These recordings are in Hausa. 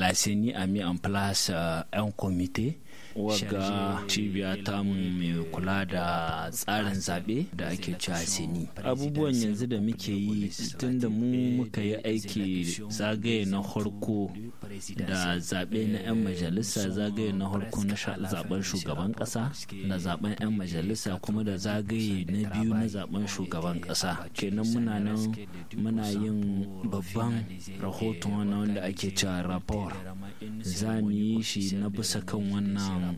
la CENI a mis en place euh, un comité waga cibiya tamun mai kula da tsarin zaɓe da ake cewa sini abubuwan yanzu da muke yi tun da mu muka yi aiki zagaye na harko da zaɓe na 'yan majalisa zagaye na harko na zaben shugaban ƙasa da zaben 'yan majalisa kuma da zagaye na biyu na zaben shugaban ƙasa kenan muna nan muna yin babban rahoton wanda ake cewa rapor za mu yi shi na bisa kan wannan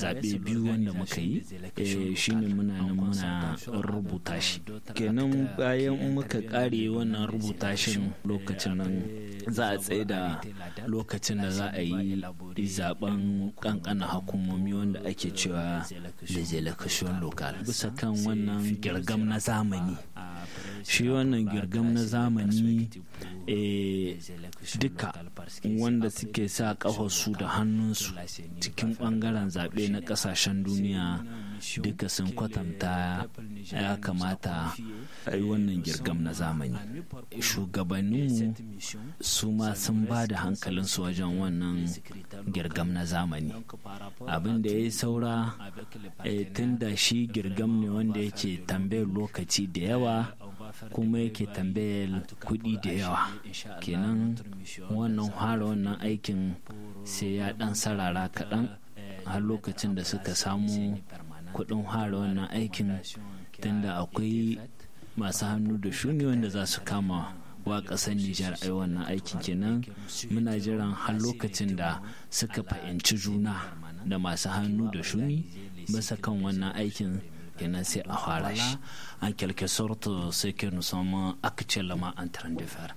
zaɓe biyu wanda muka yi eh, shi ne muna nan muna rubuta shi kenan bayan muka ƙare wannan rubuta shi lokacin nan za a tsaye da lokacin da za a yi zaben kankana hukumomi wanda ake cewa da zelakashon lokal bisa kan wannan girgam na zamani shi wannan girgam na zamani Eh, duka wanda suke sa ƙafarsu da hannunsu cikin bangaren zaɓe na ƙasashen duniya duka sun kwatanta ya kamata a yi wannan girgam na zamani shugabanninmu su ma sun ba da hankalinsu wajen wannan girgam na zamani abin da ya yi saura eh, tun da shi girgam ne wanda yake tambayar lokaci da yawa kuma yake tambayar kuɗi da yawa kenan wannan haro wannan aikin sai ya ɗan sarara eh, kaɗan eh, har lokacin da suka samu kuɗin haro wannan aikin tunda akwai masu hannu da shuni wanda za su kama wa ƙasar Nijar a wannan aikin kenan muna jiran har lokacin da suka fahimci juna da masu hannu da shuni bisa kan wannan aikin En quelque sorte ce que nous sommes actuellement en train de faire